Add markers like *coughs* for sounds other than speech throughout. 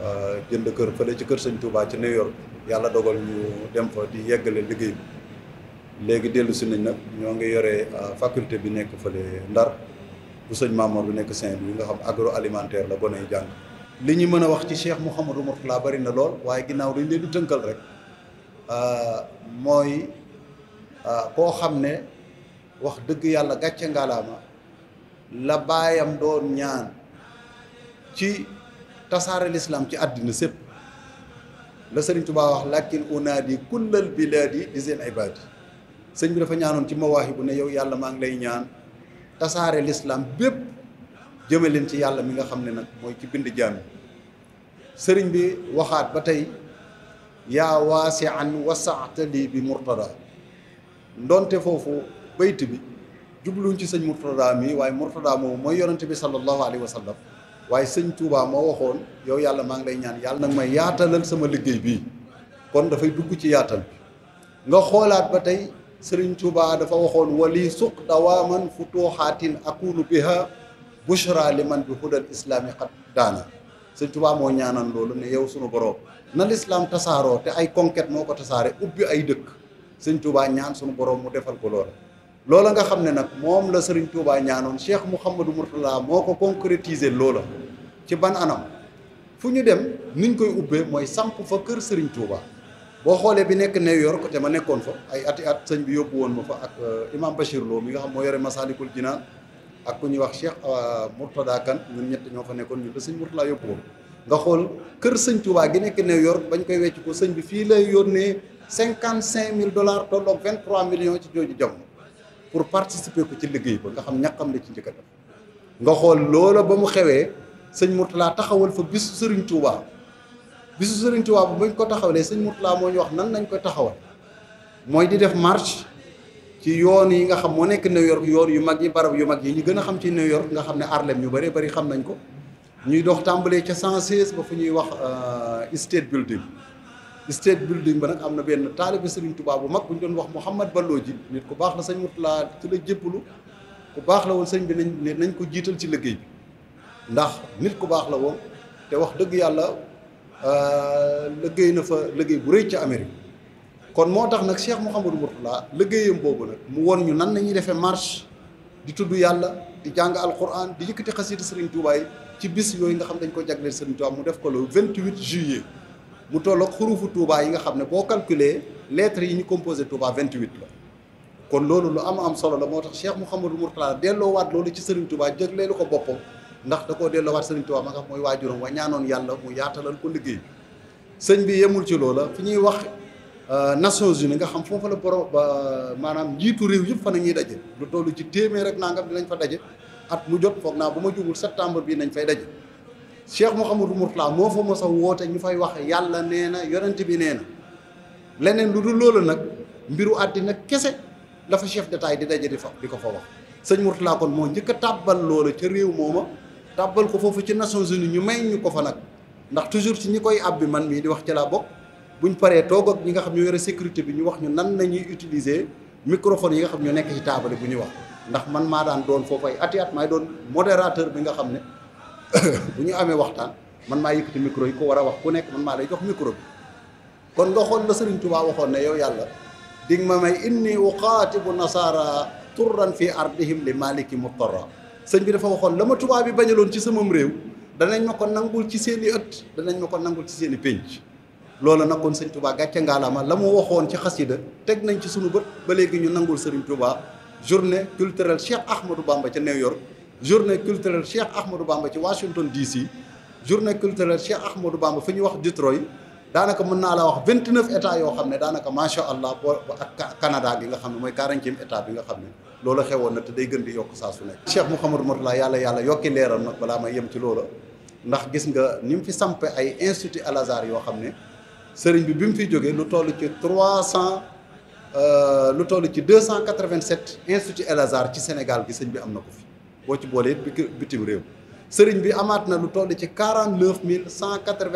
Euh, jënd kër fële ci kër sëñ Touba ci New York yàlla dogal ñu dem fa di yeggale liggéey bi léegi dellu si nañ nag ñoo ngi yore euh, faculté bi nekk fële Ndar bu sëñ Mamour bu nekk Saint bi nga xam agro alimentaire la gone yi jàng li ñu mën a wax ci Cheikh Mouhamadou laa bari na lool waaye ginnaaw dañ leen di tënkal rek euh, mooy koo xam ne wax dëgg yàlla gàcce ngalaama la baayam doon ñaan ci tasaare l'islam ci àddina sépp la sëriñ Tuubaa wax lakin unaadi kullal bilaadi di seen ibaadi sëñ bi dafa ñaanoon ci mawaahi bu ne yow yàlla maa ngi lay ñaan tasaare l'islam bépp jëme leen ci yàlla mi nga xam ne nag mooy ci bind jaam sëriñ bi waxaat ba tey yaa waasi an wasaatali bi murtada ndonte foofu bayt bi jubluñ ci sëñ murtada mi waaye murtada moom mooy yonente bi sallallahu alayhi wa sallam waaye sëñ Touba moo waxoon yow yàlla maa ngi lay ñaan yàlla nag ma yaatalal sama liggéey bii kon dafay dugg ci yaatal bi nga xoolaat ba tey sëriñ Touba dafa waxoon wali suq dawaaman futuuxaatin akunu biha bushra liman bi hudal islaami xat daana sëñ Touba moo ñaanan loolu ne yow sunu borom na lislaam tasaaroo te ay conquête moo ko tasaare ubbi ay dëkk sëñ Touba ñaan sunu borom mu defal ko loola loola nga xam ne nag moom la Serigne Touba ñaanoon Cheikh Mouhamadou Mourtala moo ko concrétiser loola ci ban anam fu ñu dem niñ koy ubbee mooy samp fa kër Serigne Touba boo xoolee bi nekk New York te ma nekkoon fa ay ati at sëñ bi yóbbu woon ma fa ak euh, Bachir Lo mi nga xam moo yore Masalikul Jinaan ak ku ñuy wax Cheikh euh, Mourtada Kan ñun ñett ñoo fa nekkoon ñun la sëñ Mourtala yóbbu woon nga xool kër sëñ Touba gi nekk New York bañ koy wecc ko sëñ bi fii lay yónnee cinquante cinq mille dollars tolloog vingt trois millions ci jooju jamono pour participer ko ci liggéey ba nga xam ñàkkam la ci njëkk a nga xool loola ba mu xewee sëñ Mourtala taxawal fa bisu Serigne Touba bisu Serigne Touba bu bañ ko taxawalee sëñ Mourtala moo ñu wax nan nañ koy taxawal mooy di def marche ci yoon yi nga xam moo nekk New York yoon yu mag yi barab yu mag yi ñu gën a xam ci New York nga xam ne Harlem ñu bëree bëri xam nañ ko ñuy dox tàmbalee ca 116 ba fu ñuy wax euh, State Building. state building ba nag am na benn taalibe Serigne Touba bu mag bu ñu doon wax Mouhamad Balloo ji nit ku baax la sëñ Murtala ci la jëppalu ku baax la woon sañ bi nañ nañ ko jiital ci liggéey bi ndax nit ku baax la woon te wax dëgg yàlla euh, liggéey na fa liggéey bu rëy ca Amérique kon moo tax nag Cheikh Mouhamadou Murtala liggéeyam boobu nag mu won ñu nan nañuy defee marche di tudd yàlla di jàng alquran di yëkkati xasida Serigne Touba yi ci bis yooyu nga xam dañ ko jagleel Serigne Touba mu def ko le 28 juillet mu toll ak xurufu tuubaa yi nga xam ne boo calculer lettres yi ñu composé vingt 28 la kon loolu lu am am solo la moo tax Cheikh Mouhamadou Mourtala delloowaat loolu ci Serigne Touba jëgleelu ko boppam ndax da koo delloowaat Serigne Touba ma nga xam mooy waajuram wa ñaanoon yàlla mu yaatalal ko liggéey sëñ bi yemul ci loola fi ñuy wax euh, Nations Unies nga xam foofu la borom maanaam njiitu réew yëpp fa na ñuy daje lu toll ci téeméer rek bi dinañ fa daje at mu jot foog naa bu ma jugul septembre bii nañ fay daje. Cheikh Mouhamadou laa moo fa mos a woote ñu fay wax yàlla nee na yonent bi nee leneen lu dul loolu nag mbiru àddina kese dafa chef d'état di daje di fa di ko fa wax sëñ laa kon moo njëkk a tàbbal loola ca réew mooma tàbbal ko foofu ci Nations Unies ñu may ñu ko fa nag ndax toujours ci ñi koy àbbi man mii di wax ci laa bokk ñu paree toog ak ñi nga xam ñu yore sécurité bi ñu wax ñu nan nañuy utiliser microphone yi nga xam ñu nekk ci taabale bu ñuy wax ndax man maa daan doon foofu ay ati doon modérateur bi nga xam ne *coughs* bu ñu amee waxtaan man maa yëkkati micro yi ku war a wax ku nekk man maa lay jox micro bi kon nga xool la Sëriñ Tuubaa waxoon ne yow yàlla dig ma may inni uqaatibu nasaara turran fi ardihim li maliki muttara sëñ bi dafa waxoon la ma tubaab bi bañaloon ci samam réew danañ ma ko nangul ci seen i ëtt danañ ma ko nangul ci seen i pénc loolu nag kon sëñ Touba gàcce ngaalaama la mu waxoon ci xasida teg nañ ci sunu bët ba léegi ñu nangul sëriñ Touba journée culturelle Cheikh Ahmadou Bamba ca New York journée culturelle Cheikh Ahmadou Bamba ci Washington DC journée culturelle Cheikh Ahmadou Bamba fi ñu wax Detroit daanaka mën naa la wax vingt neuf états yoo xam ne daanaka macha allah boo ak Canada bi nga xam ne mooy quarantième état bi nga xam ne loolu xewoon na te day gën di yokk saa su nekk. Cheikh Mouhamadou Mourtala yàlla yàlla yokki leeram nag balaa may yem ci loola ndax gis nga ni mu fi sampe ay institut Al Azhar yoo xam ne sëriñ bi bi mu fi jógee lu toll ci trois cent euh, lu toll ci deux cent quatre vingt sept institut ci Sénégal gi bi am na ko fi. boo ci boolee it bitim réew sëriñ bi amaat na lu toll ci quarante neuf mille cent quatre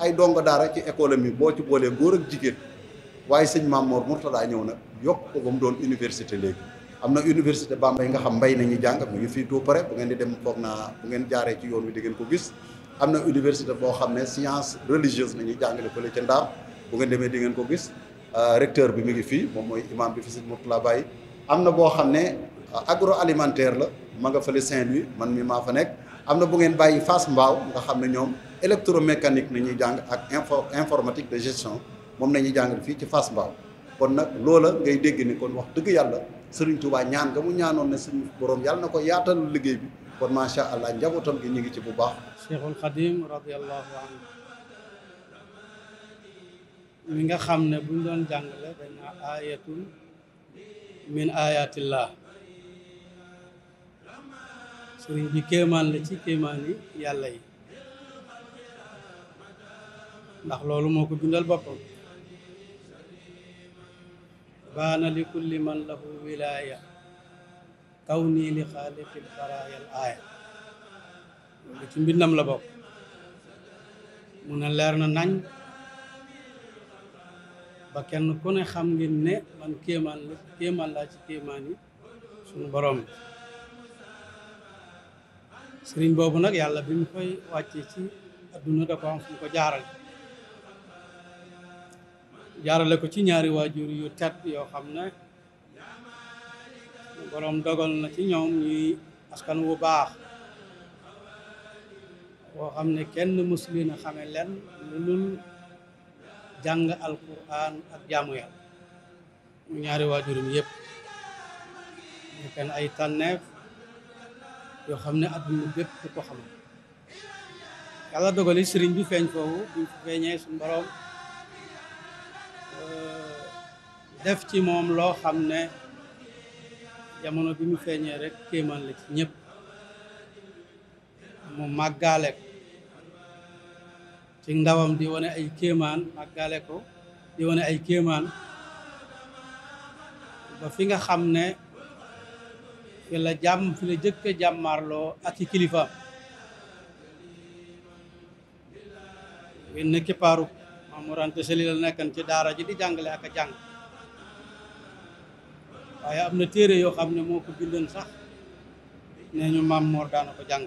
ay dongo daara ci économie boo ci boolee góor ak jigéen waaye sëñ Mamoor Mourtada ñëw nag yokk ko mu doon université léegi am na université Bambey nga xam mbay nañu jàng mu ngi fii tout pare bu ngeen di dem foog naa bu ngeen jaaree ci yoon wi di ngeen ko gis am na université boo xam ne science religieuse nañuy jàngale fële ci Ndaam bu ngeen demee di ngeen ko gis euh, recteur bi mi ngi fii moom mooy imam bi fi sëñ Mourtada Baye am na boo xam ne agroalimentaire la ma nga fële Saint-Louis man mi maa fa nekk am na bu ngeen bàyyi Fass Mbaaw nga xam ne ñoom électromécanique na ñuy jàng ak info informatique de gestion moom nañuy jàngal fii ci Fass Mbaaw kon nag loola ngay dégg ni kon wax dëgg yàlla Serigne Touba ñaan nga mu ñaanoon ne suñu boroom yàlla na ko yaatal liggéey bi kon macha allah njabootam gi ñu ngi ci bu baax. Cheikhul Khadim radiyallahu anhu mi nga xam ne buñ doon jàngale dañ naa ayatul min ayatillah sëriñ bi kéemaan la ci kéemaan yi yàlla yi ndax loolu moo ko bindal boppam baana li kulli man lahu wilaaya kaw nii li xaaliqil baraayal aaya loolu ci mbindam la bokk mu a leer na nañ ba kenn ku ne xam ngeen ne man kéemaan la kéemaan laa ci kéemaan yi suñu borom bi sëriñ boobu nag yàlla bi mu koy wàccee ci adduna da ko fu mu ko jaarale jaarale ko ci ñaari waajur yu tedd yoo xam ne boroom dogal na ci ñoom ñuy askan wu baax boo xam ne kenn musli na xame leen lu lul jàng alquran ak jaamu yàlla ñaari waajurum yépp ñu kenn ay tànneef yoo xam ne adduna bépp ku ko xam yàlla dogali sëriñ bi feeñ foofu bu feeñee suñu borom euh, def ci moom loo xam ne jamono bi mu feeñee rek kéemaan la ci ñëpp mu màggaale ko ci ngawam di wane ay kéemaan màggaale ko di wane ay kéemaan ba nga xam ne fi la jàmm jëkk a jàmmaarloo ak i kilifaam wenn kippaaru Mamour Anta Sali la nekkan ci daara ji di jàngale ak a jàng waaye am na téere yoo xam ne moo ko bindoon sax nee ñu maam Mor daana jàng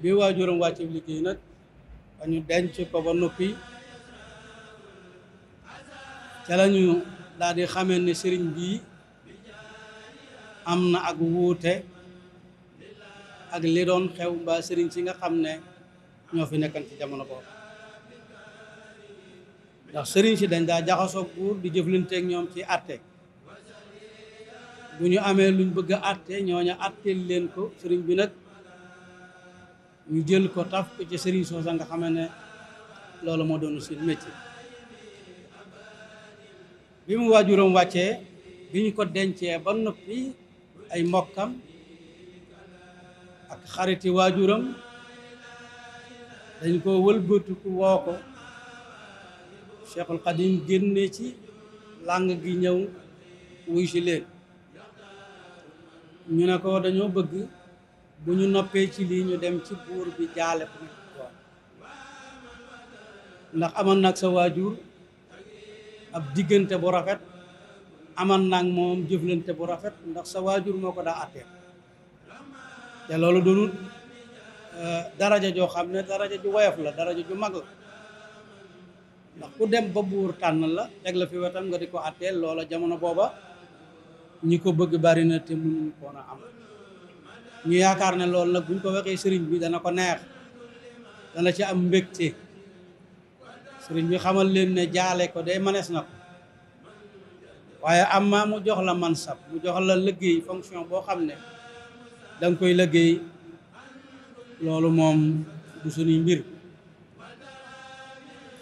bi waajuram wàcce liggéey nag ba ñu denc ko ba noppi ca la ñu di xamee ne sëriñ bii am na ak wuute ak li doon xew mbaa sëriñ si nga xam ne ñoo fi nekkan ci jamono boobu ndax sëriñ si dañ daa jaxasoo buur di jëflanteeg ñoom ci atte bu ñu amee luñ bëgg a atte ñooñu atteel leen ko sëriñ bi nag ñu jël ko taf ko ci sëriñ soosa nga xam ne loolu moo doon seen métier bi mu waajuram wàccee bi ñu ko dencee ba noppi ay mbokkam ak xariti waajuram dañ ko wëlbatiku woo ko Cheikhul Xadim génne ci làng gi ñëw wuy si leen ñu ne ko dañoo bëgg bu ñu noppee ci lii ñu dem ci buur bi jaale ko ndax amoon nag sa waajur ab diggante bu rafet aman naag moom jëflante bu rafet ndax sa waajur moo ko daa àttee te loolu doonul euh, daraja joo xam ne daraja ju woyof la daraja ju mag la ndax ku dem ba buur tànn la teg fi wetam nga di ko àttee loola jamono booba ñi ko bëgg bari na te mënuñ koon a am ñu yaakaar ne loolu nag buñ ko waxee sëriñ bi dana ko neex dana ci am mbégte sëriñ bi xamal leen ne jaale ko day manees na ko waaye amma mu jox la mansab mu jox la fonction boo xam ne da koy liggéey loolu moom du suñuy mbir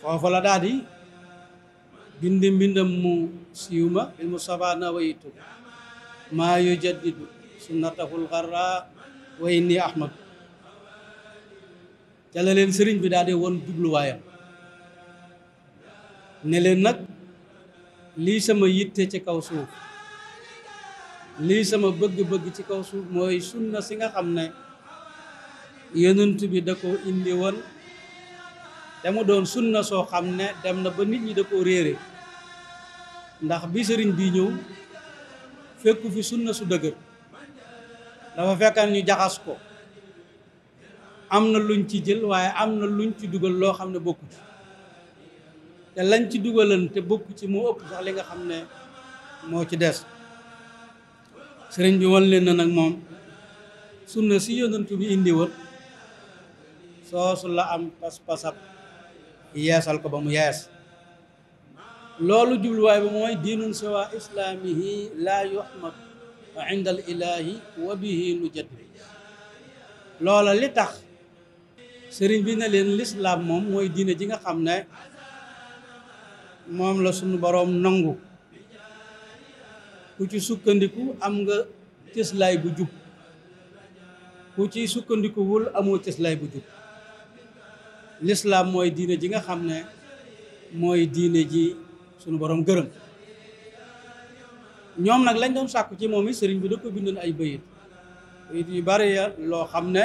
foofu la daal di bind mbindam mu siiw ma il mu saba na waytu maa yujaddidu sunnatahul xarra wa inni ahmad ca la leen sëriñ bi daal di woon jubluwaayam nag lii sama yitte ci kaw suuf lii sama bëgg-bëgg ci kaw suuf mooy sunna si nga xam ne yonent bi da koo indi wan dama mu doon sunna soo xam ne dem na ba nit ñi da koo réere ndax bi sëriñ bi ñëw fekku fi sunna su dëgër dafa fekkaan ñu jaxas ko am na luñ ci jël waaye am na luñ ci dugal loo xam ne bokku te lañ ci dugalan te bokk ci moo ëpp sax li nga xam ne moo ci des sëriñ bi wan leen na nag moom sunna si yonantu bi indi woon soosu la am pas-pasab yeesal ko ba mu yees loolu jubluwaay bi mooy diinun siwa islaamihi laa yuhmad inda al ilaahi wa bihi nu jaddi loola li tax sëriñ bi ne leen lislaam moom mooy diine ji nga xam ne moom la sunu boroom nangu ku ci sukkandiku am nga cëslaay bu jub ku ci sukkandikuwul amoo cëslaay bu jub lislaam mooy diine ji nga xam ne mooy diine ji sunu boroom gërëm ñoom nag lañ doon sàkku ci moom it sëriñ bi da ko bindoon ay bëyit bëyit yu bari ya loo xam ne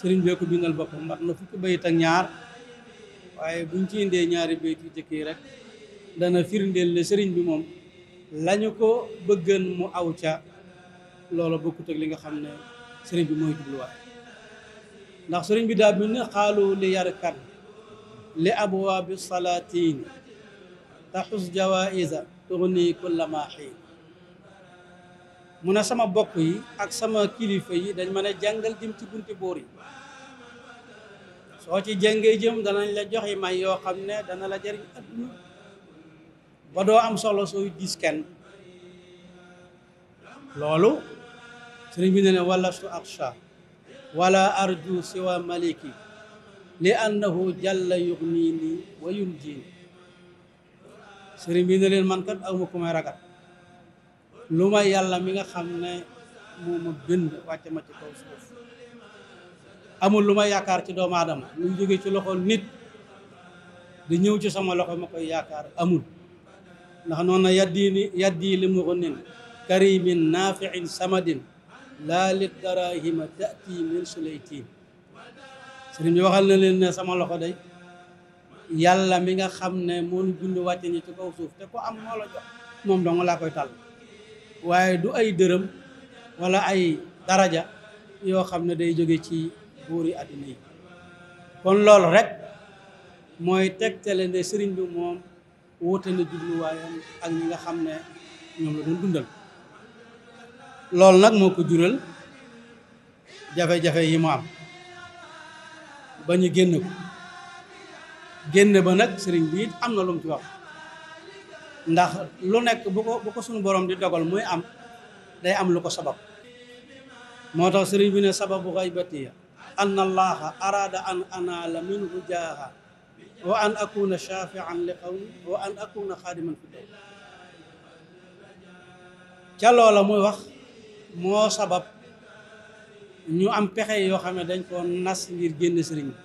sëriñ bi ko bindal boppam mat na fukki bëyit ak ñaar waaye buñ ci indee ñaari baytu jëkk yi rek dana firndeel ne sëriñ bi moom lañu ko bëggan mu aw ca loola bokkut ak li nga xam ne sëriñ bi mooy jubluwaay ndax sëriñ bi daa bind xaalu li yarkat li abwaabi salaatiin taxus jawaïsa tugni kullama xiin mu ne sama bokk yi ak sama kilifa yi dañ mën a jàngal jëm ci bunt boor yi soo ci jëngee jëm danañ la jox yi may yoo xam ne dana la jëriñ adduna ba doo am solo sooy disken loolu sëriñ bi ne ne wala su aksha wala arju siwa maliki li annahu jalla yugnii ni wa yunjini sëriñ bi ne leen man kat awma ku may ragal lu may yàlla mi nga xam ne moo ma bind wàcce ma ci kaw suuf amul lu ma yaakaar ci doomu aadama lu jóge ci loxo nit di ñëw ci sama loxo ma koy yaakaar amul ndax noonu na yaddini yaddi li mughnin karimin naafiin samadin laa li darahima tati min sulaytin sëriñ bi waxal na leen ne sama loxo day yàlla mi nga xam ne moo nu bind wàcce ñi ci kaw suuf te ko am moo la jox moom dong laa koy tàll waaye du ay dërëm walla ay daraja yoo xam ne day jóge ci buuri àddina yi kon loolu rek mooy tegtale ne sëriñ bi moom wuute na ak ñi nga xam ne ñoom la dundal loolu nag moo ko jural jafe-jafe yi mu am ba ñu génn ko génn ba nag sëriñ bi it am na lu ci wax ndax lu nekk bu ko suñu borom di dogal muy am day am lu ko sabab moo tax sëriñ bi ne sababu xaybatiya anna allaha araada an anaala minhu jaaha wa an akuna shafian li qawmi wa an akuna xaadiman fi dawl ca loola muy wax moo sabab ñu am pexe yoo xam ne dañ koo nas ngir génn sëriñ bi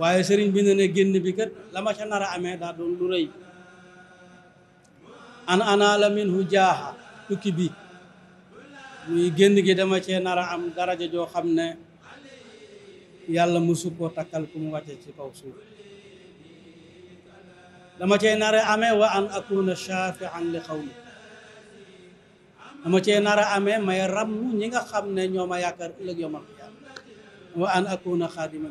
waaye sëriñ bi ne génn bi kat la ca nar a amee daa doon lu rëy an anaala minhu jaaha tukki bi muy génn gi dama cee nar a am daraja joo xam ne yàlla mësu koo takkal ku mu wàcce ci kaw suuf dama cee nar a amee wa an akuna shafian li xawmi dama cee nar a amee may ràmm ñi nga xam ne ñoo ma yaakaar ëllëg yawmal qiyaama wa an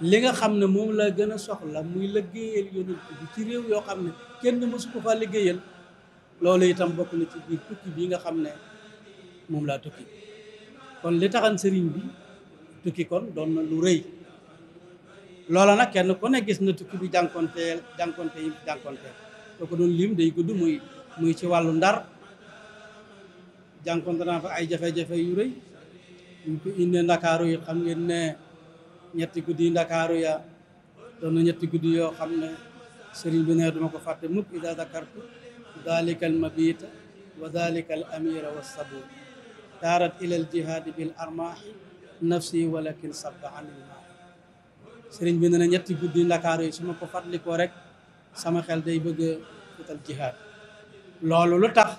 li nga xam ne moom la gën a soxla muy liggéeyal yonent ci réew yoo xam ne kenn mësu ko liggéeyal loolu itam bokk na ci biir tukki bi nga xam ne moom laa tukki kon li taxan sëriñ bi tukki kon doon na lu rëy loola nag kenn ku ne gis na tukki bi jànkonteel jànkonte yi jànkonteel soo ko doon lim day gudd muy muy ci wàllu ndar jànkonte naa fa ay jafe-jafe yu rëy ñu ko indee ndakaaru yi xam ngeen ne ñetti guddi ndakaaru ya doon na ñetti guddi yoo xam ne sëriñ bi ne duma ko fàtte mukk ida dakartu dalika al mabita wa dalika al amira wa sabur daarat ilal jihaadi bil armaahi nafsi walakin sabba anil maa bi ne ñetti guddi ndakaar yi su ma ko fàttalikoo rek sama xel day bëgg a futal jihaad loolu lu tax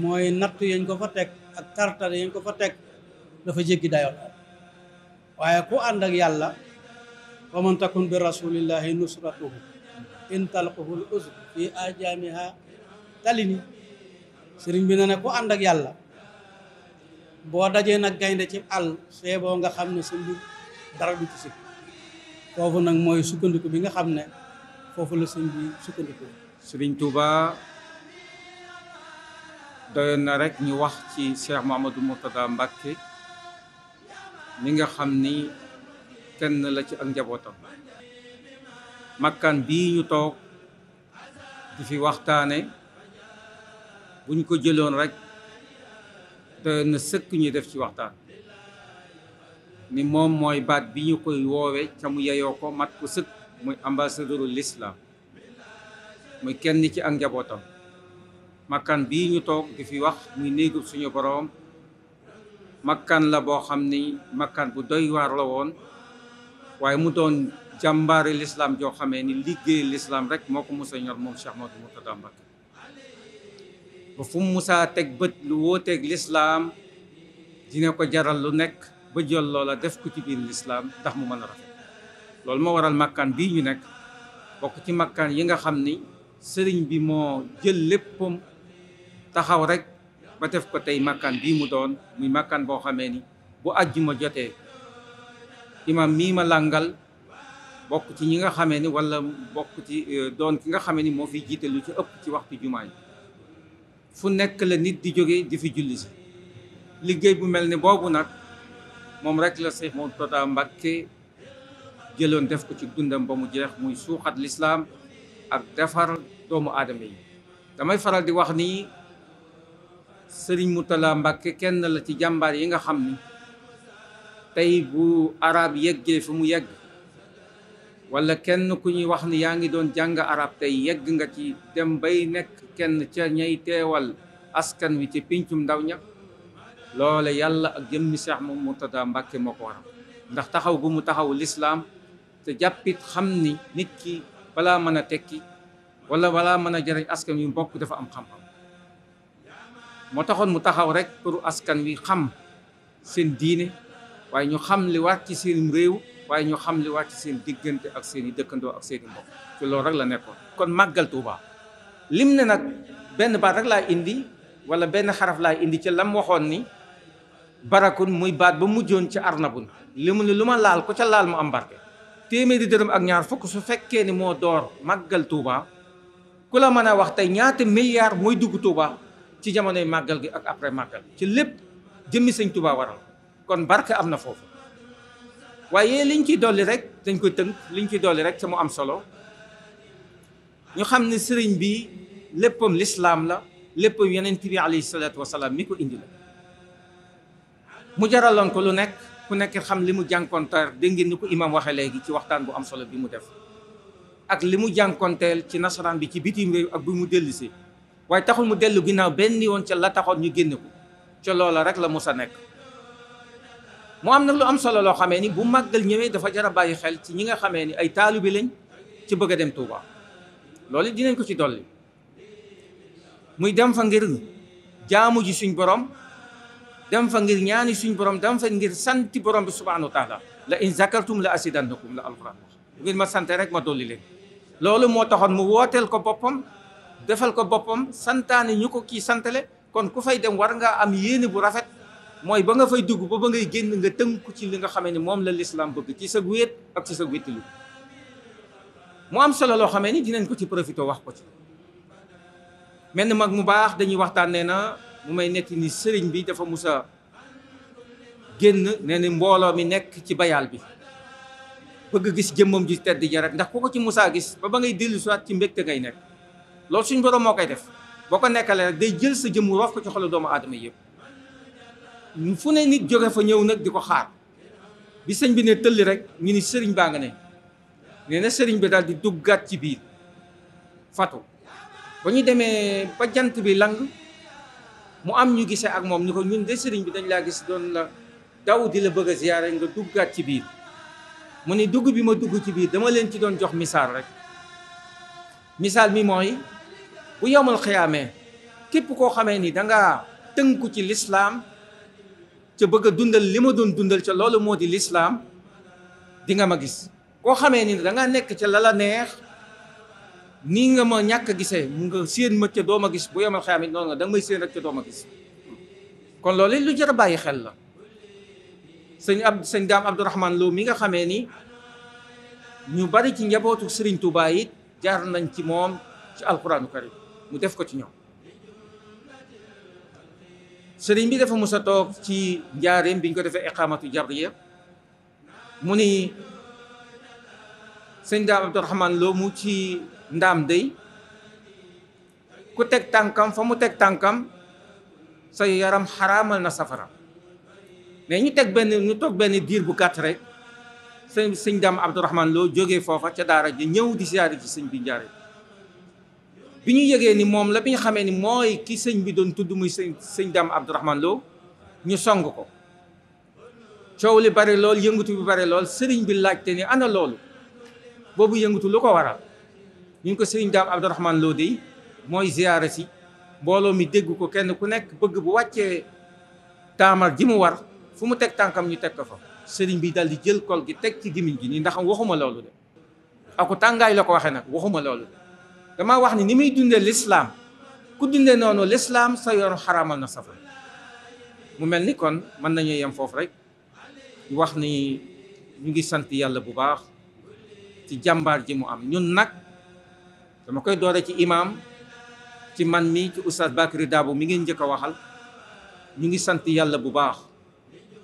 mooy nattu yañ ko fa teg ak tartar yañ ko fa teg dafa jéggi dayoo waaye ku ànd ak yàlla wa man takun bi rasulillahi nusratuhu in talquhu l uzr fi ajamiha talini sëriñ bi ne ne ku ànd ak yàlla boo dajee nag gaynde ci àll see nga xam ne sa mbir dara du ci sikk foofu nag mooy sukkandiku bi nga xam ne foofu la sëñ bi sukkandiku sëriñ Touba doyoon na rek ñu wax ci Cheikh Mouhamadou Mourtada Mbacké mi nga xam ni kenn la ci ak njabootam makkan bii ñu toog di fi waxtaane buñ ko jëloon rek te na sëkk ñu def ci waxtaan ni moom mooy baat bi ñu koy woowee ca mu yeyoo ko mat ko sëkk muy ambassadeur l'islam muy kenn ci ak njabootam makkan bi ñu toog di fi wax muy néegub suñu boroom makkan la boo xam ni makkan bu doy waar la woon waaye mu doon jàmbaari l'islam joo xamee ni liggéey l'islam rek moo ko mos a ñor moom Cheikh Modou Mourtada Mbacké ba fu musaa teg bët lu woo wóoteeg lislaam dina ko jaral lu nekk ba jël loola def ko ci biir lislaam ndax mu mën a rafet loolu moo waral makkaan bii ñu nekk bokk ci makkaan yi nga xam ni sëriñ bi moo jël léppam taxaw rek ba def ko tey makkaan bii mu doon muy makkaan boo xamee ni bu àjjuma jotee imam mii ma làngal bokk ci ñi nga xamee ni walla bokk ci euh, doon ki nga xamee ni moo fiy jiite lu ci ëpp ci waxtu jumaa yi fu nekk la nit di jóge di fi julli si liggéey bu mel ni boobu nag moom rek la Seex Murtadaa Mbàkke jëloon def ko ci dundam ba mu jeex muy suuxat lislaam ak defar doomu aadama yi damay faral di wax ni Sëriñ mu Murtadaa Mbàkke kenn la ci jàmbaar yi nga xam ni tey bu arab yeggee fu mu yegg wala kenn ku ñuy wax ni yaa ngi doon jàng arab tey yegg nga ci dem bay nekk kenn ca ñay teewal askan wi ci pincum ndaw ña loole yàlla ak jëmmi Seex moom Murtada Mbàkke moo ko waral ndax taxaw gu mu taxaw lislaam te jàppit xam ni nit ki balaa mën a tekki walla balaa mën a jëriñ askan wi mbokk dafa am xam-xam moo taxoon mu taxaw rek pour askan wi xam seen diine waaye ñu xam li war ci seen réew waaye ñu xam li wàcc seen diggante ak seen dëkkandoo ak seen mbokk ci loolu rek la nekkoon kon màggal Tuuba lim ne nag benn baat rek laa indi wala benn xaraf laa indi ci lam waxoon ni barakun muy baat ba mujjoon ci arnabun li mu ne lu ma laal ko ca laal mu am barke téeméeri dërëm ak ñaar fukk su fekkee ni moo door màggal Tuuba ku la mën a wax tey ñaata milliards mooy dugg Tuuba ci jamonoy màggal gi ak après màggal ci lépp jëmmi sëñ Tuuba waral kon barke am na foofu waaye liñ ciy dolli rek dañ koy tënk liñ ci dolli rek te mu am solo ñu xam ne sëriñ bi léppam lislaam la léppam yeneen bi alayhi salaatu wasalaam mi ko indi la mu jaraloon ko lu nekk ku nekk xam li mu jànkonteel dégg ngeen ni ko imam waxee léegi ci waxtaan bu am solo bi mu def ak li mu jànkonteel ci nasaraan bi ci bitim réew ak bu mu si waaye taxul mu dellu ginnaaw benn yoon ca la taxoon ñu génne ko ca loola rek la mos a nekk mu am nag lu am solo loo xamee ni bu màggal ñëwee dafa jar a xel ci ñi nga xamee ni ay taalu bi lañ ci bëgg a dem Touba loolu dinañ ko ci dolli muy dem fa ngir jaamu ji suñ borom dem fa ngir ñaani suñ borom dem fa ngir santi borom bi subhanahu wa taala la in zakartum la asidannakum la alquran wax bu ngeen ma sante rek ma dolli leen loolu moo taxoon mu wooteel ko boppam defal ko boppam santaane ñu ko kii santale kon ku fay dem war ngaa am yéene bu rafet mooy ba nga fay dugg ba ba ngay génn nga tënku ci li nga xamee ni moom la lislaam bëgg ci sa wéet ak ci sa wéttalu mu am solo loo xame ni dinañ ko ci profité wax ko ci mel ni mag mu baax dañuy waxtaan na mu may netti sëriñ bi dafa musa génn nee ni mbooloo mi nekk ci bayaal bi bëgg gis jëmmam ji tedd ja rek ndax koo ko ci musaa gis ba ba ngay dellu soit ci mbégte ngay nekk loolu suñ borom moo koy def boo ko nekkalee rek day jël sa jëmm roof ko ci xolu doomu aadama yëpp fu ne nit jóge fa ñëw nag di ko xaar bi sëñ bi ne tëlli rek ñu ni sëriñ baa nga ne nee sëriñ bi daal di duggaat ci biir fatu ba ñu demee ba jant bi lang mu am ñu gisee ak moom ni ko ñun de sëriñ bi dañ laa gis doon la daw di la bëgg a ziyaare nga duggaat ci biir mu ne dugg bi ma dugg ci biir dama leen ci doon jox misaal rek misaal mi mooy bu yomal xiyaamee képp koo xamee ni dangaa ko ci lislaam ca bëgg a dundal li ma doon dundal ca loolu moo di lislaam di nga ma gis koo xamee ni da nga nekk ca la la neex nii nga ma ñàkk a gisee mu nga séen ma ca doo ma gis bu yemal xayaam it noonu nga da may séen rek ca doo ma gis kon loolu lu jar a bàyyi xel la sëñ ab daam Abdourahman Lo mi nga xamee ni ñu bari ci njabootu Serigne Touba it jaar nañ ci moom ci alquranu karim mu def ko ci ñoom sëriñ bi dafa mos toog ci njaareem biñ ko defee iqaamatu jabriya mu ni sëñ daam abdourahman loo mu ci ndaam dey ku teg tànkam fa mu teg tànkam sa yaram xaraamal na safara mais ñu teg benn ñu toog benn diir bu gàtt rek sëñ sëñ daam abdourahman loo jóge foofa ca daara ji ñëw di siyaare ci sëñ bi njaareem bi ñu yëgee ni moom la bi ñu xamee ni mooy ki sëñ bi doon tudd muy sëñ sëñ Dame Abdourahmane Lo ñu song ko coow li bare lool yëngatu bi bare lool sëriñ bi laajte ni ana loolu boobu yëngatu lu ko waral ñu ngi ko sëriñ Dame Abdourahmane Lo de mooy ziyaara si mbooloo mi dégg ko kenn ku nekk bëgg bu wàccee taamar ji mu war fu mu teg tànkam ñu teg ko fa sëriñ bi daal di jël kol gi teg ci gimiñ gi nii ndax waxuma loolu de aku tàngaay la ko waxee nag waxuma loolu dama wax ni ni muy dundee lislaam ku dundee noonu lislaam sa yoon xaraamal na safara mu mel ni kon mën nañu yem foofu rek wax ni ñu ngi sant yàlla bu baax ci jàmbaar ji mu am ñun nag dama koy doore ci imaam ci man mi ci oustaz Bakary Dabo mi ngeen njëkk a waxal ñu ngi sant yàlla bu baax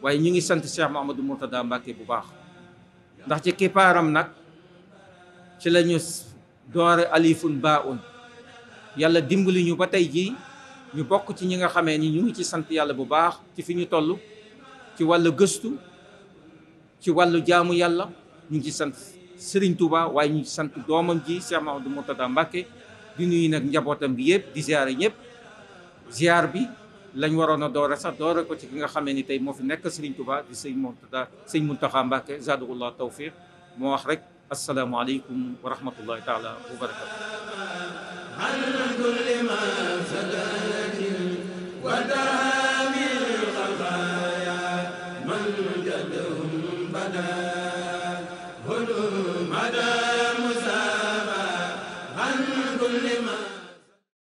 waaye ñu ngi sant Cheikh Mouhamadou Mourtada Mbacké bu baax ndax ci kippaaram nag ci lañu doore alifun baa un yàlla dimbali ñu ba tey jii ñu bokk ci ñi nga xamee ni ñu ngi ci sant yàlla bu baax ci fi ñu toll ci wàllu gëstu ci wàllu jaamu yàlla ñu ngi ci sant Serigne Touba waaye ñu sant doomam ji Cheikh Mahamadou Mourtada Mbacké di nuyu nag njabootam bi yëpp di ziare ñëpp ziar bi lañu waroon a doore sax doore ko ci ki nga xamee ni tey moo fi nekk Serigne Touba di sëñ Mourtada sëñ Mountakha Mbacké zadullah tawfiq moo wax rek asalaamualeykum wa rahmatullahi taala wa barakatu